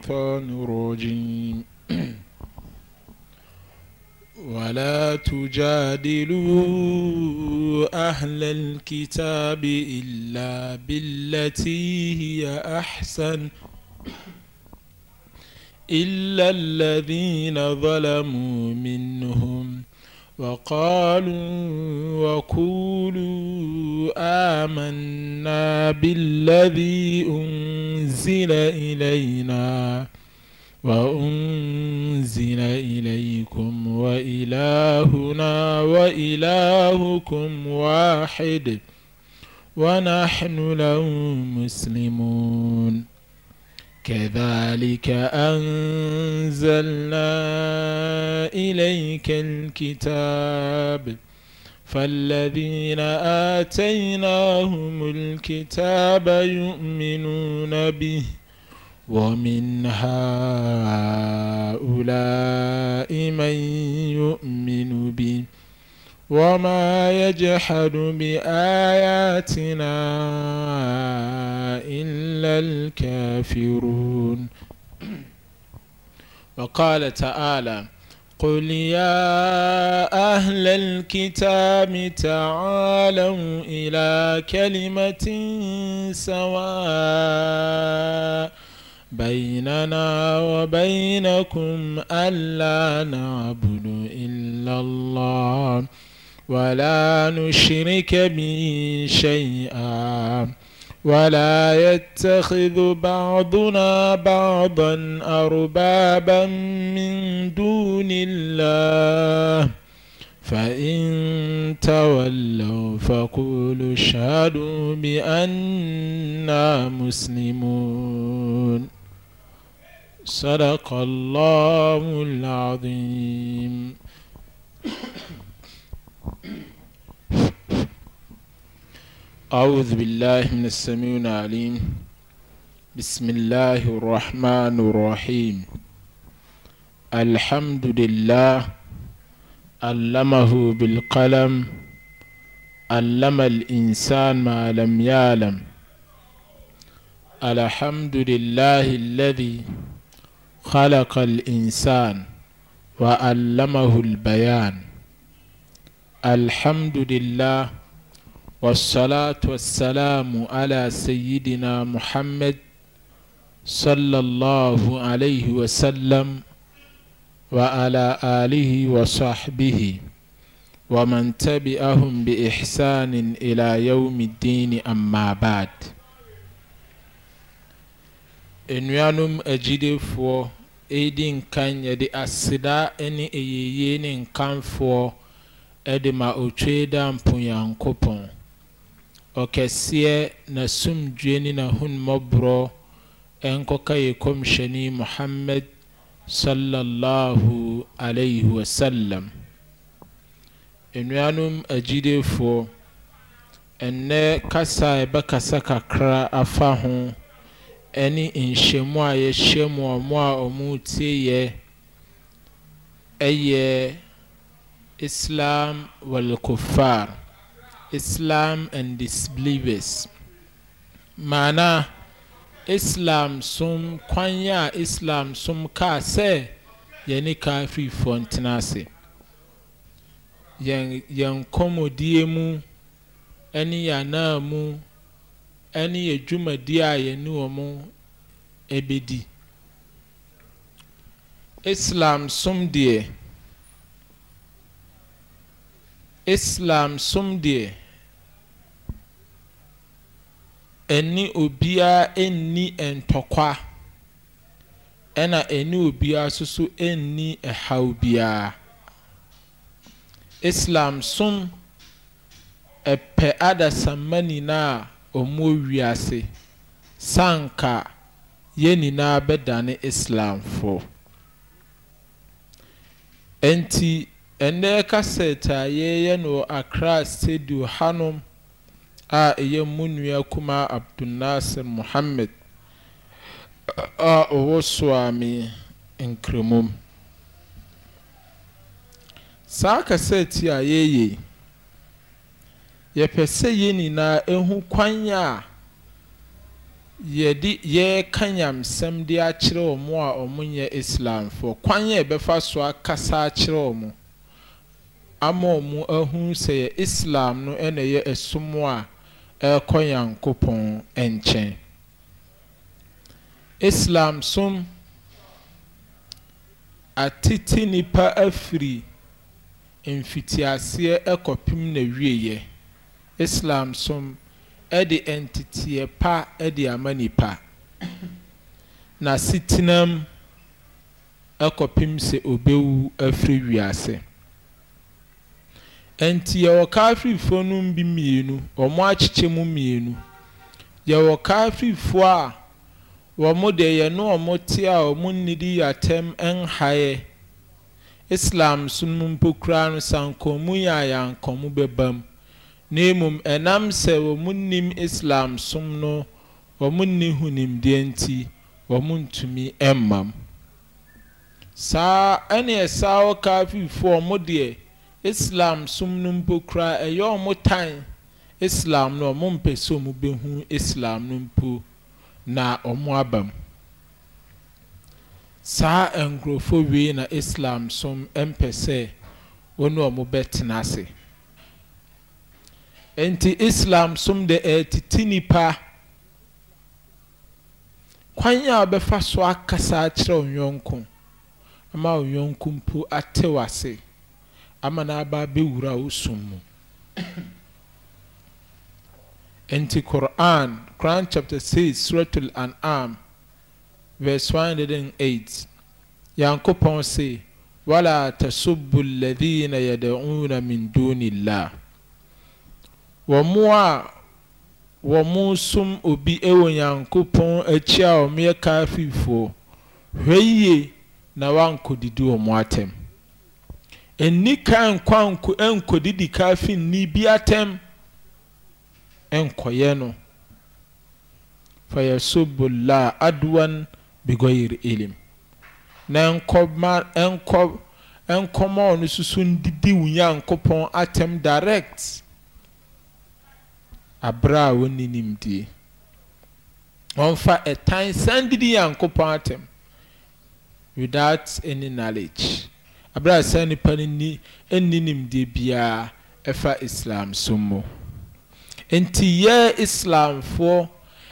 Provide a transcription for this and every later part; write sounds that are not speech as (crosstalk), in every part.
الشيطان الرجيم (clears throat) ولا تجادلوا أهل الكتاب إلا بالتي هي أحسن إلا الذين ظلموا منهم وقالوا وقولوا آمنا بالذي أنزل إلينا وأنزل إليكم وإلهنا وإلهكم واحد ونحن له مسلمون كذلك أنزلنا إليك الكتاب فالذين آتيناهم الكتاب يؤمنون به ومن هؤلاء من يؤمن به وما يجحد بآياتنا إلا الكافرون (clears throat) وقال تعالى قل يا أهل الكتاب تعالوا إلى كلمة سواء بيننا وبينكم ألا نعبد إلا الله ولا نشرك به شيئا ولا يتخذ بعضنا بعضا أربابا من دون الله فإن تولوا فقولوا اشهدوا بأننا مسلمون صدق الله العظيم أعوذ بالله من السميع العليم بسم الله الرحمن الرحيم الحمد لله علمه بالقلم علم الإنسان ما لم يعلم الحمد لله الذي خلق الإنسان وعلمه البيان الحمد لله والصلاة والسلام على سيدنا محمد صلى الله عليه وسلم وعلى آله وصحبه ومن تبعهم بإحسان إلى يوم الدين أما بعد nnuanom agyidefoɔ ɛredi nkan yɛde aseda ne إني ne nkanfoɔ de ma otwe da أن ɔkɛseɛ na sumdwe ne n'ahonmmɔborɔ ɛnkɔka yɛ kɔmhyɛne muhammad sallallahu alaihi wasallam nnuanom agyidefoɔ ɛnnɛ kasa a yɛbɛkasa kakra afa ho ɛne nhyɛmu a yɛhyɛ mu ɔmo a ɔmo tie yɛ ɛyɛ islam wal Islam and disbelievers maana Islam som kwan a Islam som kaa sɛ yɛne kafirifoɔ ntena ase yɛn yɛn kɔmɔdie mu ɛne yɛn mu ɛne yɛn dwumadie a yɛne wɔn ɛbɛdi Islam som deɛ Islam som deɛ. ɛne obiara nni ntɔkwa ɛna ɛne obiara nso so nni ɛhaw biara islam som ɛpɛ adasamma nyinaa a wɔn wiase sanka yɛn nyinaa bɛdane islamfoɔ nti ɛnɛ kasɛt a no wɔ accra stadium hanom a ɛyɛ mu nua kuma abdunasir muhammed a ɔwɔ soame nkremom saa kasɛti a yɛyɛ yɛpɛ sɛ yɛn nyinaa ɛhu kwan a yɛde yɛreka nyamsɛm de akyerɛ wɔ a ɔmo nyɛ islamfoɔ kwan a ɛbɛfa so akasa akyerɛ wɔ ama ɔmo ahu sɛ yɛ islam no na ɛyɛ ɛsom a ɛrekɔ nyankopɔn nkyɛn islam som atete nipa afiri mfitiaseɛ ɛkɔpem na wieɛ islam som ɛde nteteɛ pa ɛde ama nipa na setenam ɛkɔpem sɛ obewu afiri wiase nti yɛwɔ kaafirifoɔ no bi mmienu wɔn akyekyɛ mu mmienu yɛwɔ kaafirifoɔ a wɔn deɛ yɛne wɔn te a wɔn nnidi yɛatɛm nhaeɛ islam so no mpokura no sankɔnmu yɛ a yɛankɔnmu bɛba mu na mmom ɛnam sɛ wɔn nim islam som no wɔn nni ho nimdeɛ nti wɔn ntumi mmam saa ɛne ɛsaa wɔ kaafirifoɔ wɔn deɛ islam som no mpo koraa ɛyɛ ɔmo tan islam no ɔmo mpɛ sɛ ɔmo bɛhu islam no mpo na ɔmo aba mu saa nkurɔfoɔ wei na islam som mpɛ sɛ wɔne ɔmo bɛtena ase nti islam som de ɛɛtete nipa kwan a wɔbɛfa so akasa akyerɛ onyɔnko ama onyɔnko mpo atew ase ama n'aba abɛwura wo som mu nti quran quran chapter 6 suratul an'am verse 108 yankopɔn se wala tasubbu alladhina yad'una min dunillah wɔn a wɔn som obi wɔ nyankopɔn akyi a wɔyɛ kaafifoɔ hwɛ yie na wankɔdidi wɔn atɛm ɛnni kan nkwa nkɔdidi kaafi nni bi atɛm ɛnkɔyɛ no fayasubulla aduan bigoyir ilim na nkɔma nkɔ nkɔma ɔno soso ndidi wunya nkɔpɔn atɛm direct abere a wɔn ninim die wɔnfa ɛtan san didi yankɔpɔn atɛm without any knowledge abere a nipa no ni nni nimdeɛ biara ɛfa islam so mu nti yɛ islamfoɔ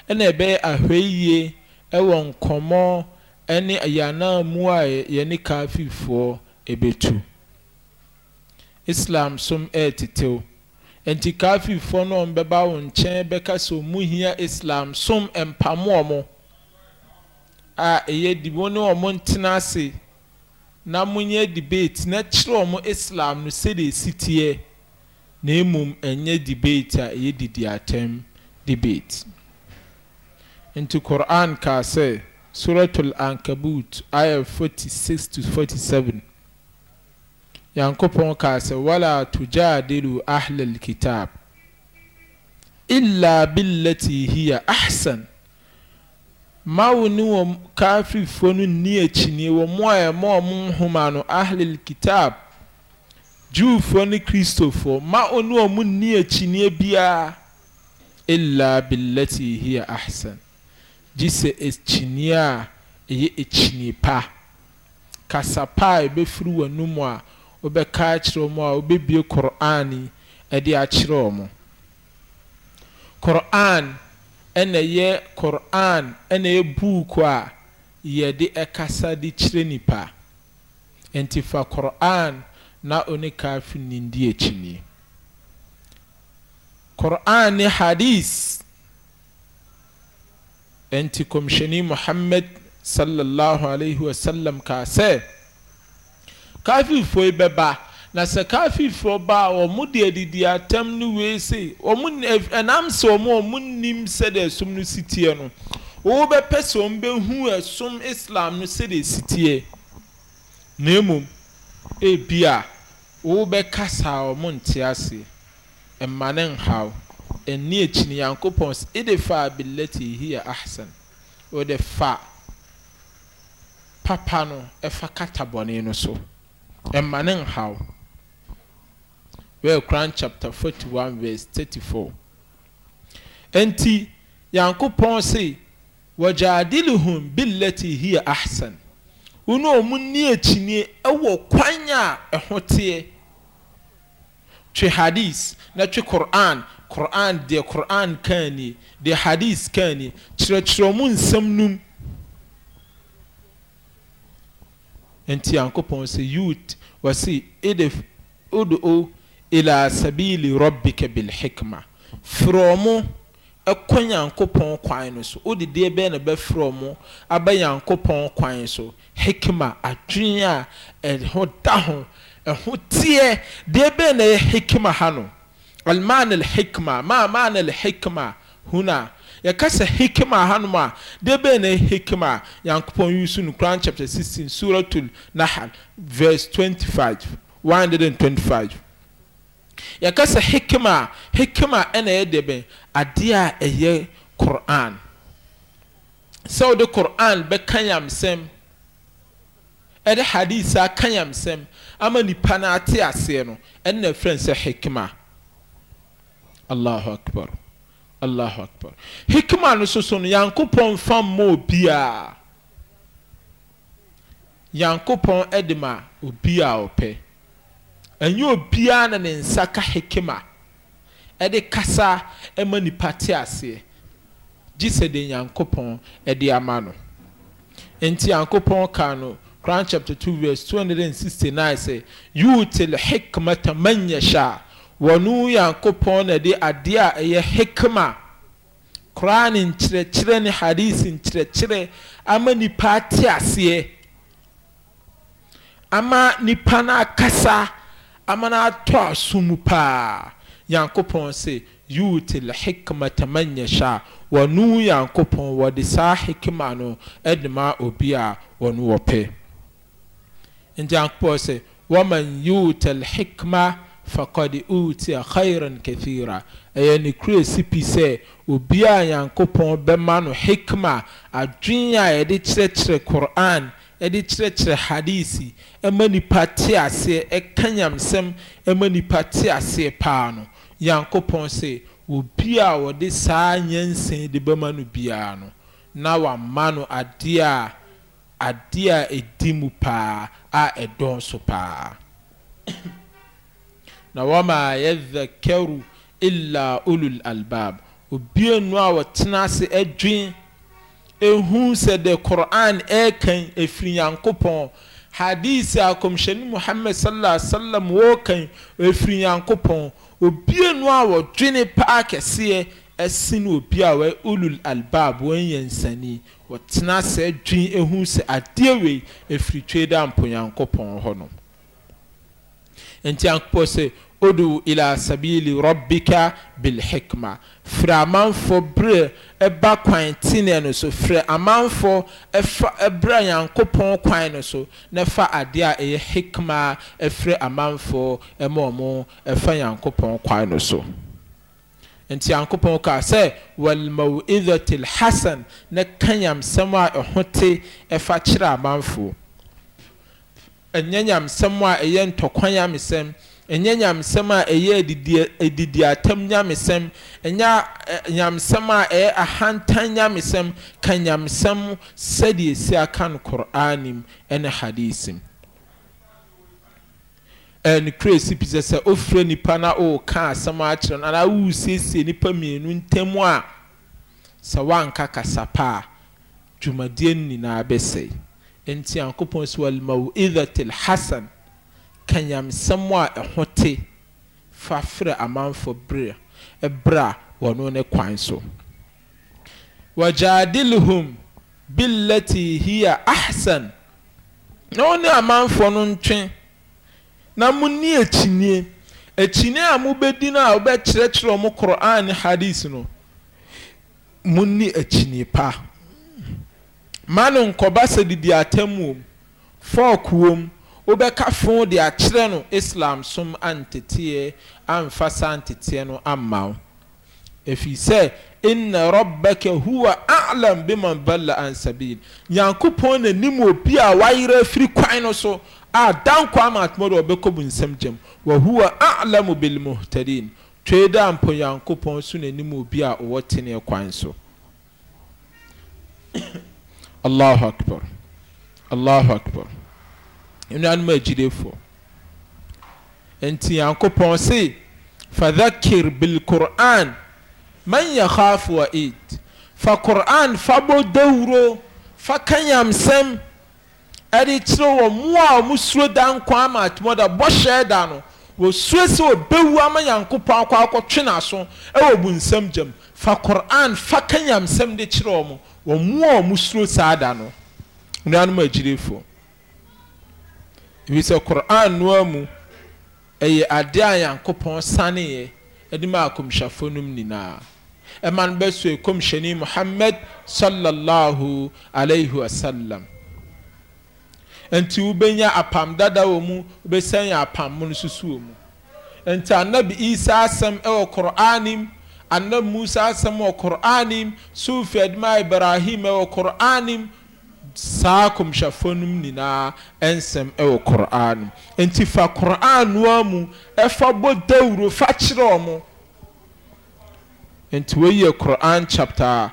ɛna ɛbɛyɛ ahwɛyie ɛwɔ nkɔmɔ ɛne ayanamu a yɛne kaafifoɔ ɛbɛtu islam som ɛɛtetew nti kaafifoɔ no ɔmo bɛba wo nkyɛn bɛka sɛ ɔmo hia islam som mpamoɔ mo a ɛyɛ di wɔn ne ɔmo ntena ase na monyɛ debate na kyerɛ wɔn islam no sɛdeɛ esi teɛ na emom ɛnyɛ debate a ɛyɛ didi atɛm debate nti quran kaa suratul ankabut ayɛ forty six to forty seven yankopɔn kaa wala tujadilu ahlal kitab illa billati hiya ahsan ma wo ne wɔn kafirifoɔ no nni akyinie wɔn mo a ɛma wɔn nhoma no ahlil kitab juufoɔ ne kristofoɔ ma wo ne wɔn nni akyinie biara illa billati hiya ahsan gye sɛ akyinie a ɛyɛ akyinie pa kasa pa a ɛbɛfiri wɔn a wɔbɛka akyerɛ wɔn a wɔbɛbie kor'an ɛde akyerɛ wɔn kor'an. ɛna ɛyɛ koran ɛna ɛyɛ buuku a yɛde ɛkasa de kyerɛ nipa nti fa koran na one kaafi ne di akyini koran ne hadis nti kɔmhyɛni muhammad sallallahu alaihi wasallam kaa sɛ kaafifoɔ yi bɛba na sɛ kaafifoɔ baa wɔn de adidi atam no wei se wɔn ɛnam sɛ wɔn a wɔn nim sɛdeɛ ɛsom no si teɛ no wɔbɛpɛ sɛ wɔn bɛhu ɛsom islam no sɛdeɛ si teɛ na mmom ebia wɔbɛkasa a wɔn nte ase mma ne nhaw ɛni akyini yankopɔn sɛ ɛde fa abilɛti hiya ahsan wɔde fa papa no ɛfa katabɔne no so ɛma ne Well, Quran chapter forty-one, verse thirty 34 enti yankopɔn se wɔgyaadiluhum billati hiya ahsan wɔn a wɔn ni akyinie wɔ kwan a ɛho teɛ twe hadis na twe Quran Quran deɛ Quran kan ni deɛ hadis kan ni kyerɛkyerɛ mu nsɛm num enti yankopɔn se youth wɔsi edef odo o ila sabili rabbika bil hikma frɛ ɔmo ɛkɔ nyankopɔn kwan no so wode deɛ bɛyɛ na bɛfrɛ ɔmo aba nyankopɔn kwan so hikma adwene a ɛho da ho ɛho teɛ deɛ bɛyɛ na ɛyɛ hikma ha no alman al hikma ma man al hikma huna yɛkasa hikima hanom a debe na hikima nyankopɔn yusu no koran chapter 16 suratul nahal verse 25 125 yɛkasa hikima hikima ɛna yɛ deɛ bɛn adeɛ a ɛyɛ koran sɛ wode koran bɛka yamsɛm ɛde hadis a ka yamsɛm ama nipa no ate aseɛ no ɛne na frɛn sɛ hikima allahu akbar allahu akbar hikima no soso no yankopɔn fa mma obiaa yankopɔn ɛde ma obiaa ɔpɛ ɛnyɛ obiara na ne nsa ka hekima ɛde kasa ɛma nipa te aseɛ gye sɛ de nyankopɔn ɛde ama no nti nyankopɔn ka no Quran chapter two verse two hundred and sixty nine sɛ yuutil hikmata man yasha wɔnu nyankopɔn na de adeɛ a ɛyɛ hikima koraa ne nkyerɛkyerɛ ne hadisi nkyerɛkyerɛ ama nipa te aseɛ ama nipa no akasa ama no atɔ aso mu paa nyankopɔn sɛ yutil hikmata man yasha wɔno nyankopɔn wɔde saa hikma no de ma obi a wɔno wɔpɛ nti nyankopɔn sɛ waman yutil hikma fakɔde utia khairan kathira ɛyɛ ne kura si pi sɛ obi a nyankopɔn bɛma no hikma adwene a yɛde kyerɛkyerɛ kur'an. ɛde kyerɛkyerɛ hadisi ɛma nipa te aseɛ ɛka nyamsɛm ɛma nipa te aseɛ paa no yankopɔn sɛ obi a wɔde saa nyansa de bɛma no biara no na wama no adeɛ a adeɛ a ɛdi mu paa a ɛdɔnso paa na wama yɛdhakaru illa ulul albab obianu a wɔtena ase adwene ehu sɛ de koran ɛɛkan efiri nyankopɔn hadith a kɔmhyɛni muhammed sallallahu alaihi wa sallam wɔɔkan efiri nyankopɔn obie no a wɔdwene paa kɛseɛ ɛsi no obi a wɔyɛ ulul albab wɔn yɛ nsani wɔtena sɛ dwin ehu sɛ adeɛ wei efiri twe da mpo nyankopɔn hɔ no nti nyankopɔn sɛ odu ila sabili rabbika bil firamanfo brɛ ɛba kwan tineɛ no so frɛ amanfoɔ ɛfa ɛbrɛ nyankopɔn kwan no so na fa adeɛ a ɛyɛ hikma ɛfrɛ amanfoɔ ɛma ɔmo ɛfa nyankopɔn kwan no so nti nyankopɔn kaa sɛ walmawidhatil hasan na ka nyamsɛm a ɛho te ɛfa kyerɛ amanfoɔ ɛnyɛ nyamsɛm a ɛyɛ ntɔkwa nyamesɛm ɛnyɛ nyamesɛm a ɛyɛ adidi eh, atam nyamesɛm ɛnyɛ eh, nyamesɛm a ɛyɛ ahantan nyamesɛm ka nyamesɛm sɛdeɛ si aka no kor'anim ɛne hadisi mu ɛne kure si pisɛ sɛ ofura nipa na ɔreka asɛm akyerɛ no anaa siesie nipa mmienu ntam a sɛ wanka kasa paa dwumadie no nyinaa bɛsɛe nti ankopɔn sɛ wɔlmawo idatil hasan kanyamsɛm a ɛho te fa frɛ amanfo berɛ ɛberɛ ne kwan so wajadilhum billati hiya ahsan na wɔn ne amanfo no ntwe na mo ni akyinie akyinie a mobɛdi no a wobɛkyerɛkyerɛ ɔmo koran ne hadis no mo ni akyinie pa ma no nkɔba sɛ didi atam wom fɔɔk wom wobɛka fo de akyerɛ no islam som anteteɛ amfa saa anteteɛ no amma wo ɛfiri sɛ inna rabbaka huwa a'lam biman dalla an sabil nyankopɔn n'anim obi a wayerɛ afiri kwan no so a dankwa ama atoma de ɔbɛkɔ bu nsɛm gyam wa huwa a'lamu bilmuhtadin twei da mpo nyankopɔn so n'anim obi a ɔwɔ teneɛ kwan so (coughs) allahu akbar allahu akbar nnuanom agyilefoɔ nti nyankopɔn se fadhakir bilquran man yakhaf waid fa quran fa bɔ dawuro fa kanyamsɛm ɛde kyerɛ wɔ mo a ɔmo suro da nkwa ama atomɔ da bɔhyɛ da no wɔsuro sɛ wɔbɛwu ama nyankopɔn akɔ akɔtwe n'aso ɛwɔ bu nsɛm gyam fa quran fa kanyamsɛm de kyerɛ wɔ mo wɔ mo a ɔmo saa da no nnuanom agyilefoɔ ebi sɛ koran noa mu ɛyɛ adeɛ a yankopɔn saneeɛ ɛde ma akɔmhyɛfo nom nyinaa ɛma no bɛsue kɔmhyɛni muhammad sallallahu alaihi wasallam nti wobɛnya apam dada wɔ mu wobɛsɛn apam mu no wɔ mu nti anabi isa asɛm ɛwɔ koranim anabi musa asɛm wɔ koranim sufi adima ibrahim ɛwɔ koranim saa kɔmhyɛfoɔ no nyinaa nsɛm wɔ kor'an nti fa kor'an noa mu ɛfa bɔ dawuro fa kyerɛ ɔmo nti wɔyi yɛ kor'an chapter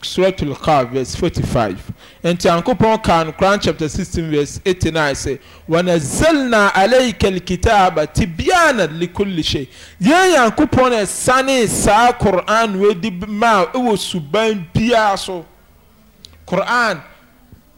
suratul kahf verse forty five nti ankopɔn kaa no kor'an chapter sixteen verse eighty nine sɛ wɔnazalna alayka alkitaba tibyana likulli shay yɛn yankopɔn na ɛsane saa kor'an no edi maa ɛwɔ suban biara so kor'an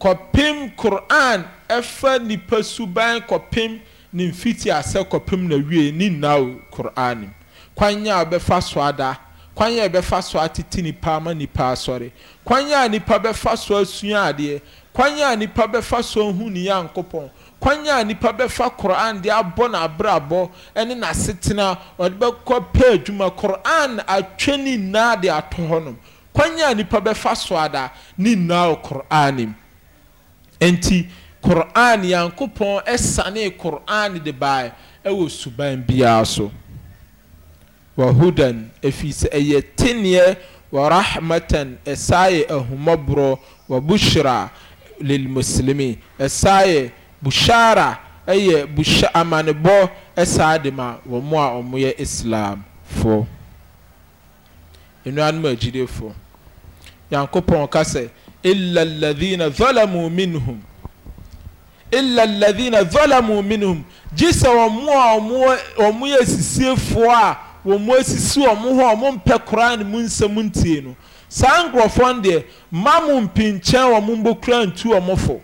kɔpem koran ɛfa nipa suban kɔpem ne mfiti asɛ kɔpem na wie ne nnaa koran kwan a ɔbɛfa so ada kwan a ɛbɛfa so atete nipa ama nipa asɔre kwan a nipa bɛfa so asua adeɛ kwan a nipa bɛfa so ahu ne yankopɔn kwan a nipa bɛfa koran de abɔ n'abrabɔ ɛne n'asetena ɔde bɛkɔ pɛ adwuma koran atwe ne nnaa de atɔ hɔnom kwan a nipa bɛfa so ada ne nnaa koran mu nti koran yankopɔn ɛsane koran de baa ɛwɔ suban biara so wahudan ɛfiri sɛ ɛyɛ teneɛ warahmatan ɛsaa yɛ ahumɔborɔ wabushra lilmuslimi ɛsaa yɛ bushara ɛyɛ busha amanebɔ ɛsaa de ma wɔn a wɔyɛ islamfoɔ nnuanom agyidefoɔ yankopɔn kasa illa alladhina dhalamu minhum illa alladhina dhalamu minhum gye sɛ ɔmo a ɔmo yɛ sisiefoɔ a ɔmo asisi ɔmo hɔ ɔmo mpɛ koraa ne mu nsɛm ntie no saa nkurɔfoɔ no deɛ ma mo mpinkyɛn ɔmo mbɔkura ntu ɔmo fo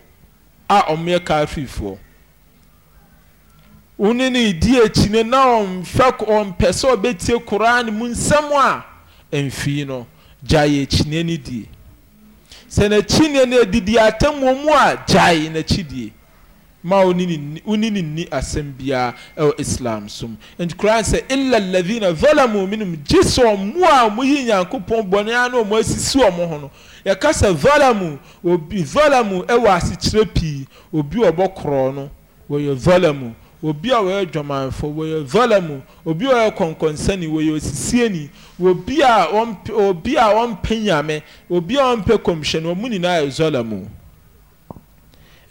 a ɔmo yɛ kaafifoɔ wone ne di akyine na ɔmfɛ ɔmpɛ sɛ ɔbɛtie koraa ne mu nsɛm a mfii no gyae akyine no die sɛ n'akyi nea na adidi atemmuo mu a gyae n'akyi die ma wo ne ne nni asɛm biara ɛwɔ islam so mu nti koraa sɛ illa alladhina zalamu minhum gye sɛ ɔmo a moyi nyankopɔn bɔne a na ɔmo asisi ɔmo ho no yɛka sɛ zalamu obi zalamu ɛwɔ asekyerɛ pii obi ɔbɔ korɔ no wɔyɛ zalamu obi a wɔyɛ dwamanfo wɔyɛ zalamu obi a wɔyɛ kɔnkɔnsani wɔyɛ osisieni obi a ɔmpɛ obi a ɔmpɛ nyame obi a ɔmpɛ kɔmhyɛn wɔn mu nyinaa yɛ zɔla mu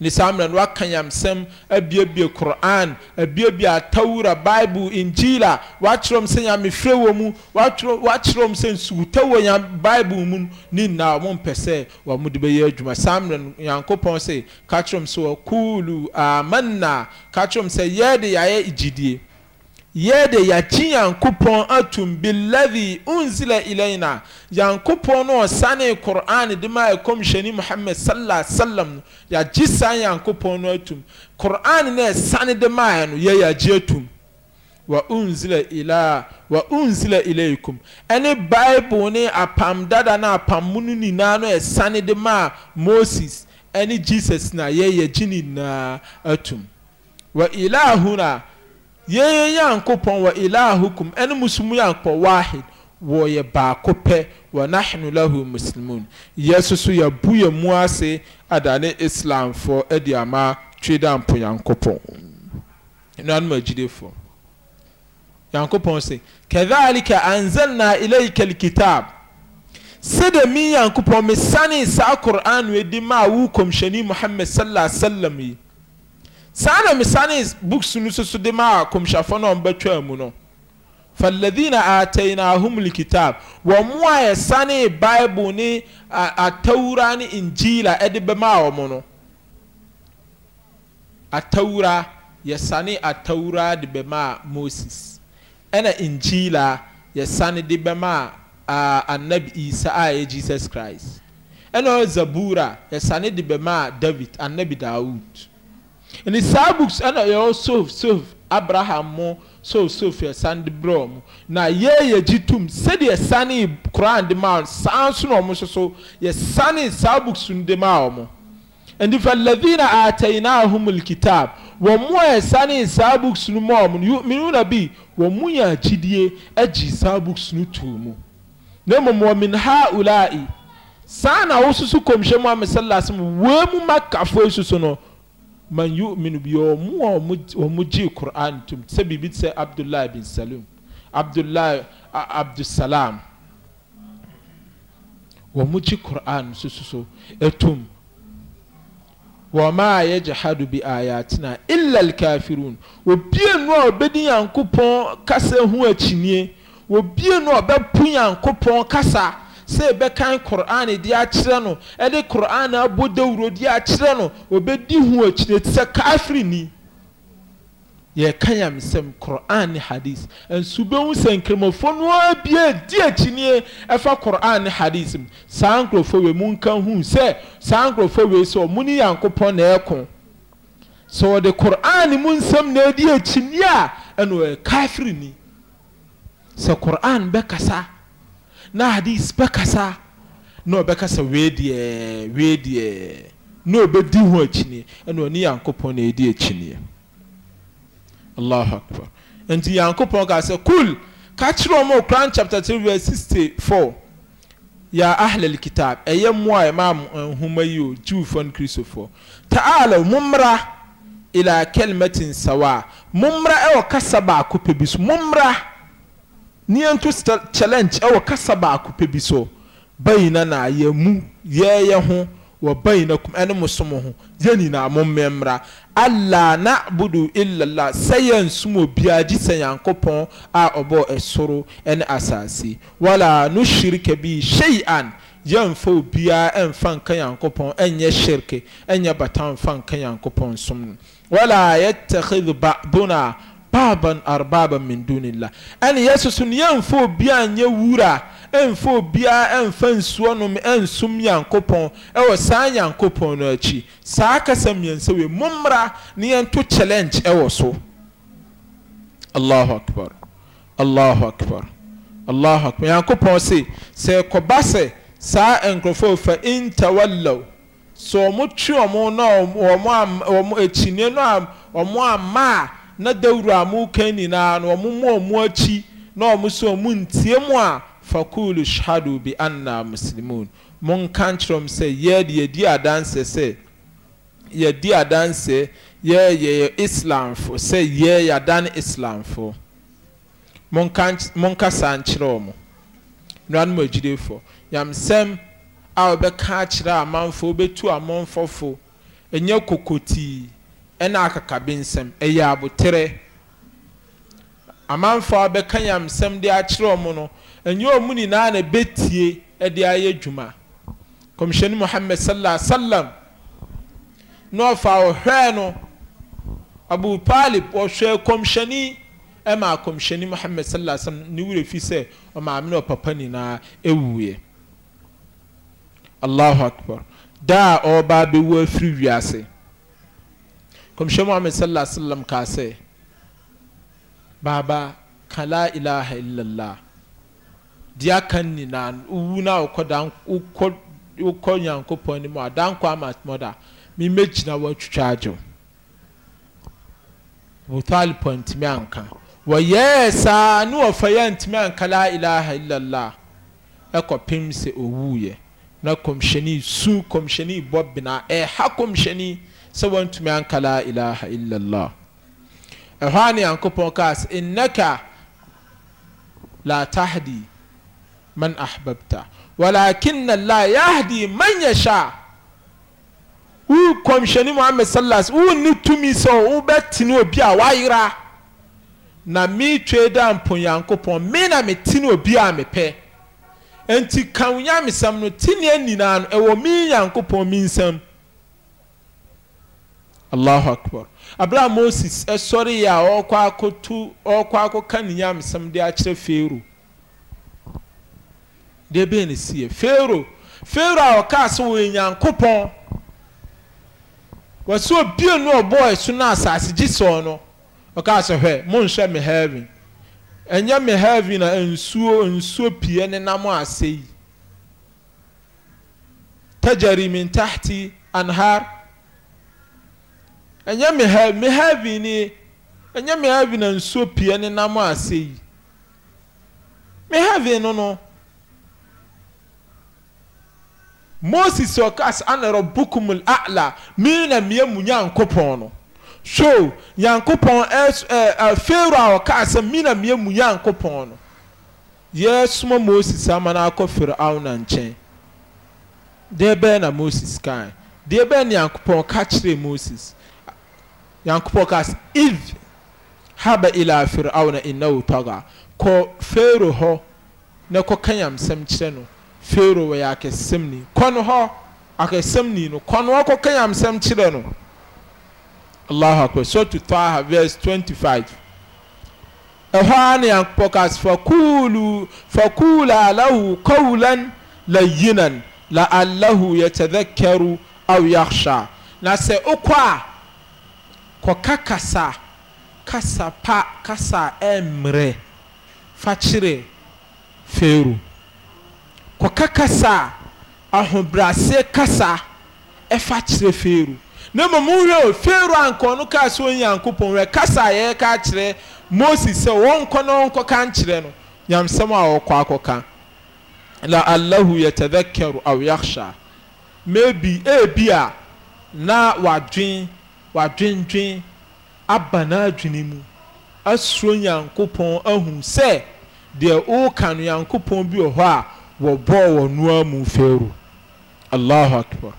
ne saa mmerɛ no waka nyamsɛm abiebie koran abiebie atawura bible injila wakyerɛ m sɛ nyamefrɛ wɔ mu wakyerɛ m sɛ nsukuta wɔ nyam bible mu ne nyinaa wɔn mpɛ sɛ wɔn de bɛyɛ adwuma saa mmerɛ no nyankopɔn sɛ ka kyerɛ m sɛ wɔkuulu amanna ka kyerɛ m sɛ yɛde yɛayɛ gyidie yɛɛ dɛ yɛgye nyankopɔn atom bilathi unsila ilaina nyankopɔn no ɔ sane kor'ane de ma a ɛkɔmhyɛni muhamad salasalam no yɛgye sane nyankopɔn no atom kor'ane na ɛsane de maa ɛ no yɛyɛgye atom wa unsila ila wa unsila ilaikum ɛne bible ne apam dada no apam mo no nyinaa no ɛsane de ma a moses ne jisus noa yɛyɛgye ninaa atom wa ilahuna yɛyɛ nyankopɔn wɔ ilahukum ɛne musumu yankopɔn wahid wɔyɛ baako pɛ wɔ nahnu lahu muslimun yɛ so yɛbu yɛ mu ase adane islamfoɔ adi ama twe da mpo yankopɔn nuanom agyidefoɔ nyankopɔn se kadhalika anzalna ilaika alkitab sɛde me nyankopɔn mesanee saa qur'an adi maa wo kɔmhyɛni muhammad sallallahu alaihi yi saa na misane books no soso de maa kɔmhyɛfo no a ɔmbɛtwa mu no faladina atainahum likitab wɔn mo a yɛsane bible ne atawura ne injila ɛde bɛmaa wɔn no atawura yɛsane atawura de bɛmaa moses ɛna injila yɛsane de bɛmaa a anabi isa a yɛ jesus christ ɛna zabura yɛsane de bɛmaa david anabi daud nti saa books ɛna uh, yɛwɔ oh, sof sof abraham mu sof sof ɛsan de brɛ ɔmo na yɛɛ yɛgye tom sɛdeɛ ɛsane koran de ma saa nso na ɔmo soso yɛsane saa books no de ma ɔmo nti fa ladina atainahum alkitab wɔn a ɛsane eh, saa books no ma ɔmo no minu na bi wɔn mu yɛ agyidie agyi saa books no too mu na mmom wɔ min ha ulai saa na wososo kɔmhyɛ mu amesɛ lasem wɔn mu ma kafoɔ soso no man yu'minu bi ɔmo a ɔmo gye Qur'an tom sɛ biribi sɛ Abdullahi bin Salim Abdullahi Abdusalam ɔmo gye Qur'an sososo ɛtom wɔma a yɛgye hado bi ayatina illa alkafirun obie no a ɔbɛdi yankopɔn kasa ho akyinie obie no a ɔbɛpo yankopɔn kasa sɛ ɛbɛkan koran de akyerɛ no ɛde koran abɔ dawuro de akyerɛ no obɛdi ho akyire te sɛ kaafiri ni yɛka yamsɛm koran ne hadis nso bɛhu sɛ nkramofoɔ no ara bie di akyinie ɛfa koran ne hadis mu saa nkurɔfoɔ wei mu nka hu sɛ saa nkurɔfoɔ wei sɛ ɔmo ne yankopɔn na ɛko sɛ wɔde koran mu nsɛm na ɛdi akyinie a ɛna ɔyɛ kaafiri ni sɛ koran bɛkasa na hadis bɛkasa na ɔbɛkasa wei deɛ wei deɛ na ɔbɛdi ho akyini ɛna ɔne yankopɔn na ɛdi akyiniɛ allahu akbar nti yankopɔn kaa sɛ kul ka kyerɛ ɔma koran chapter 3 verse 64 ya ahlal kitab ɛyɛ mu a ɛma eh, nhoma yi o jiwfoɔ no kristofoɔ ta'ala mommra ila kalimatin sawa mommra ɛwɔ kasa baako pɛ bi so mommra nneɛnto challenge ɛwɔ kasa baako pɛ bi so bayi na na yɛ mu yɛɛyɛ ho wɔ bayi na kum ɛne mo som ho yɛ nyinaa mo mmɛmmra ala na budu ilala sɛ yɛ nsum obiara gye sɛ nyankopɔn a ɔbɔ ɛsoro ɛne asase wala no shirika bi hyɛyi an yɛmfa obiara ɛmfa nka nyankopɔn ɛnyɛ shirike ɛnyɛ bata mfa nka nyankopɔn som no wala yɛtɛkidu ba'duna baban arbaban min dunillah ɛne yɛso so ne yɛmfa obi a nyɛ wura ɛmfa obiaa ɛmfa nsuo nom ɛnsom nyankopɔn ɛwɔ saa nyankopɔn no akyi saa kasa mmiɛnsa wei mommra ne yɛnto challenge ɛwɔ so allahu akbar allahu akbar allahu akbar nyankopɔn se sɛ ɛkɔba sɛ saa nkurɔfoɔ fa intawallow sɛ ɔmo twe ɔmo na ɔmo akyinie no a ɔmo ama a na dawuro a mokan nyinaa no ɔmo mu ɔmo akyi na ɔmo so ɔmo ntie mu a fakulu shahadu bi anna muslimun monka nkyerɛ m sɛ yɛde yɛdi adanse sɛ yɛdi adanse yɛyɛ islamfo sɛ yɛyɛ adane islamfo monka saa nkyerɛ ɔmo nnuanom agyidefo yamsɛm a wɔbɛka akyerɛ amanfo wobɛtu amɔmfɔfo ɛnyɛ kokotii ɛna akakabe nsɛm ɛyɛ aboterɛ amanfoɔ abɛka yamsɛm de akyerɛ ɔmo no ɛnyɛ ɔmo nyinaa na ɛbɛtie ɛde ayɛ dwuma kɔmhyɛni muhammed sallallahu alaihi sallam, na ɔfa ɔhwɛɛ no abu palib ɔhwɛɛ kɔmhyɛni ɛma kɔmhyɛni muhammed sallallahu alaihi wasallam ne wura fi sɛ ɔmaame na ɔpapa nyinaa ɛwuiɛ allahu akbar daa ɔreba abɛwu afiri wiase kɔmhyɛ muhammad sallallahu alaihi wasallam kaa sɛ baaba ka la ilaha illallah deɛ aka nyinaa no wowu no a wokɔ dan wokɔ wokɔ nyankopɔn anim a dankɔ ama mɔda memmɛgyina wɔatwitwa agyew botalipɔ ntumi anka wɔyɛɛ saa ne wɔfa yɛ ntumi anka la ilaha illallah ɛkɔpem sɛ ɔwuiɛ na kɔmhyɛni su kɔmhyɛni bɔ bena ɛha eh, kɔmhyɛni sɛ wɔntumi anka la ilaha illallah ɛhɔ a ne nyankopɔn kaa sɛ innaka la tahdi man ahbabta walakin allah yahdi man yasha wo kɔmhyɛni muhammad sallas wonni tumi sɛ wobɛtene obi a wayera na metwe da mpo nyankopɔn me na metene obi a mepɛ enti ka nyamesɛm no teneɛ nyinaa no ɛwɔ me nyankopɔn me nsam allahu akbar abira eh, a moses ɛsɔre yɛ a ɔrekɔ akɔtu ɔrekɔ akɔka ne nyamesɛm de akyerɛ feero deɛ bɛyɛ ne sie feero feero a ɔkaa sɛ wɔyɛ nyankopɔn wɔsɛ obie no ɔbɔɔ ɛso no asase gye sɔɔ no ɔkaa sɛ hwɛ monhwɛ me heaven ɛnyɛ me heaven a nsuo nsuo pie ne nam ase yi tajari min tahti anhar ɛnyɛ mehavi mehavi ni ɛnyɛ mehavi na nsuo pie ne nam ase yi mehavi no no moses ɔkas anarɔ bukumul ala mi na mia mu nyankopɔn no so nyankopɔn ɛs ɛ ɛ feero a ɔkas mi na mia mu nyankopɔn no yɛsoma moses ama no akɔ fir'aun na nkyɛn deɛ bɛyɛ na moses kan deɛ bɛyɛ nyankopɔn ka kyerɛ moses nyankopɔn kas id haba ila fir'auna innahu taga kɔ fero hɔ na kɔ kanyamsɛm kyerɛ no fero wɔyɛ akɛsɛm ni kɔn hɔ akɛsɛm ni no kɔn hɔ kɔ kanyamsɛm kyerɛ no allahu akbar so to taha verse 25 ɛhɔ ara ne nyankopɔn kas fakulu fakula lahu qawlan layyinan la'allahu yatadhakkaru aw yakhsha na sɛ okɔ a kɔka kasa kasa pa kasa ɛmmerɛ fa kyerɛ fero kɔka kasa ahobrɛaseɛ kasa ɛfa kyerɛ fero na mmom wohwɛ o fero ankɔ no kaa sɛ ɔyi nyankopɔn kasa a yɛyɛ ka kyerɛ moses sɛ wɔnkɔ na wɔnkɔka nkyerɛ no nyamsɛm a wɔkɔ akɔka la'allahu yatadhakkaru aw yakhsha maybe ebi a na wadwen w'adwendwen aba n'adwene mu asuro nyankopɔn ahu sɛ deɛ ɔreka no nyankopɔn bi wɔ hɔ a wɔbɔɔ wɔ noa mu fɛro allahu akbar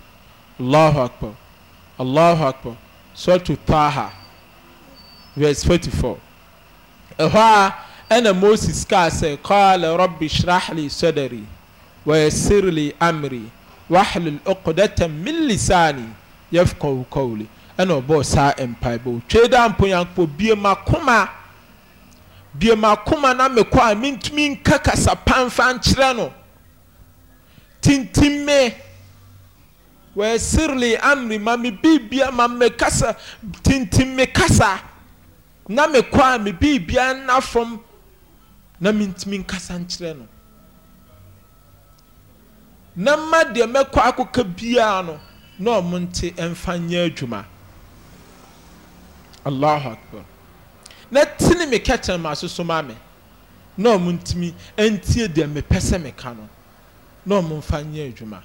allahu akbar allahu akbar sɔto taha verse forty four ɛhɔ a ɛna moses kaa sɛ kɔɔla rɔbi shrahli sɔdari wɔyɛ sirili amiri wahlul ɔkɔdata min lisaani ɛna ɔbɔɔ saa mpaebɔ twɛ dɛ amponyankopɔ bie makoma biema makoma na mekɔ a mentumi nka kasa pamfa nkyerɛ no tintim me wɔasirili amri ma me biribia ma me kasa tintim me kasa na mekɔ a me biribia nna fam na mentumi nkasa nkyerɛ no na mma deɛ mɛkɔ akɔka biara no na ɔmo nte mfa nyɛ adwuma Allah akbar na tene me ka kyerɛ maa maa me na ɔmo ntumi ntie deɛ mepɛ sɛ meka no na ɔmo mfa nyɛ adwuma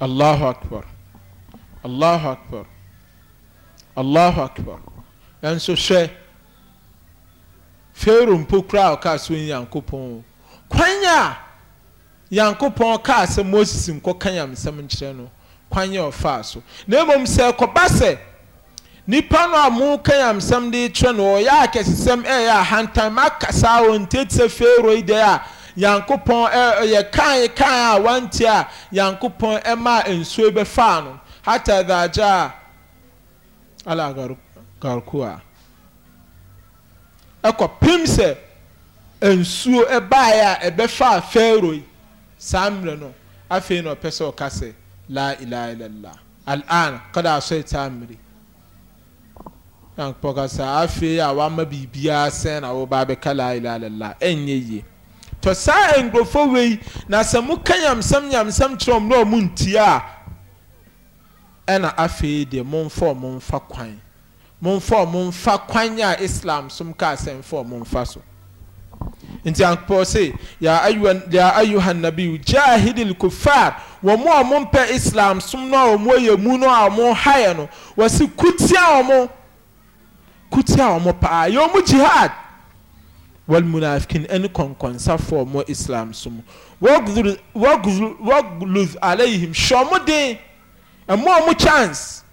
allahu akbar Allah akbar Allah akbar nso hwɛ fero mpo kura a ɔka so nyankopɔn kwan a yankopɔn kaa sɛ moses nkɔka yamsɛm nkyerɛ no kwan yɛ ɔfaa so na mmom sɛ ɛkɔba sɛ nipa no a mo kanyamsɛm de kyerɛ no ɔyɛ akɛsesɛm ɛyɛ ahantan maka saa ɔnteti sɛ feero yi deɛ a yankopɔn ɛyɛ kan kan a wanti a yankopɔn ɛmaa nsuo bɛfaa no hata dagya a ala garkoa ɛkɔpem sɛ nsuo ɛbaeɛ a ɛbɛfa feero yi saa mmerɛ no afei na ɔpɛ sɛ ɔka sɛ la ilaha illallah al'an kada a sɔi ta miri yan kpɔ ka sa afe a wa ma biribiara sɛn na wo ba bɛ ka la ilaha illallah ɛn nye yie tɔ saa nkurɔfo wei na sɛ mo ka nyamsɛm nyamsɛm kyerɛ mo na ɔmo ntia a ɛna afei deɛ mo ɔmo nfa kwan mo ɔmo nfa kwan a islam som ka asɛm ɔmo nfa so nti ankpɔ se ya ayuha nabi jahidil kufar wɔn a wɔn mpɛ islam som no a wɔn yɛ mu no a wɔn ha no wɔsi kutia wɔn kutia wɔn paa yɛ wɔn jihad والمنافقين ان كون كون سافو مو اسلام سوم وغلظ عليهم شومدين اما مو chance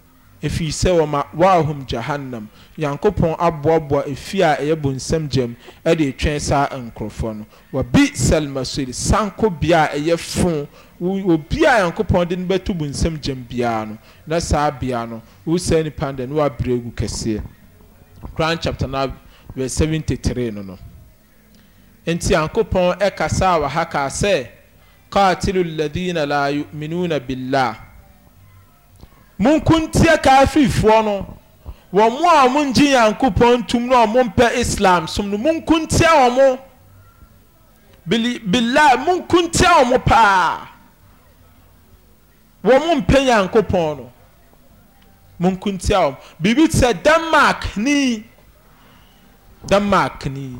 ɛfiri sɛ wɔma waahum jahannam nyankopɔn aboaboa ɛfi a ɛyɛ bonsam gyam ɛde twɛn saa nkurɔfoɔ no wɔbi salmasiri sanko bea a ɛyɛ fo obi a nyankopɔn de no bɛto bonsam gyam biara no na saa bea no wosaa nipa no dɛ ne wabrɛ gu kɛseɛ koran chapter 9 verse 73 no no nti nyankopɔn ɛkasa a wɔha kaa sɛ قاتلوا الذين لا يؤمنون بالله monkuntie kafirifoɔ no wɔn mo a wɔn ngye nyankopɔn tum na wɔn mpɛ islam som no monkuntie wɔn bilaa monkuntie wɔn paa wɔn mpɛ nyankopɔn no monkuntie wɔn biribi te sɛ denmark ni denmark ni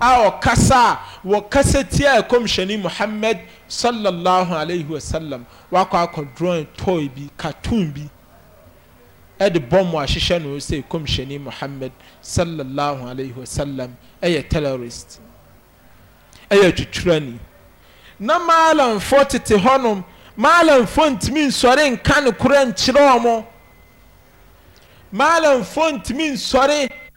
a ɔkasa a wɔkasa tia ɛkɔmhyɛni muhammed sallallahu alaihi wa sallam wakɔ akɔ drawing toy bi cartoon bi ɛde bɔm ahyehyɛ no sɛ kɔmhyɛni muhammad sallallahu alaihi wa sallam ɛyɛ e terrorist ɛyɛ e twitwerani na maalamfoɔ tete hɔnom maalamfoɔ ntumi nsɔre nka ne korɛ nkyerɛ ɔmo maalamfoɔ ntumi nsɔre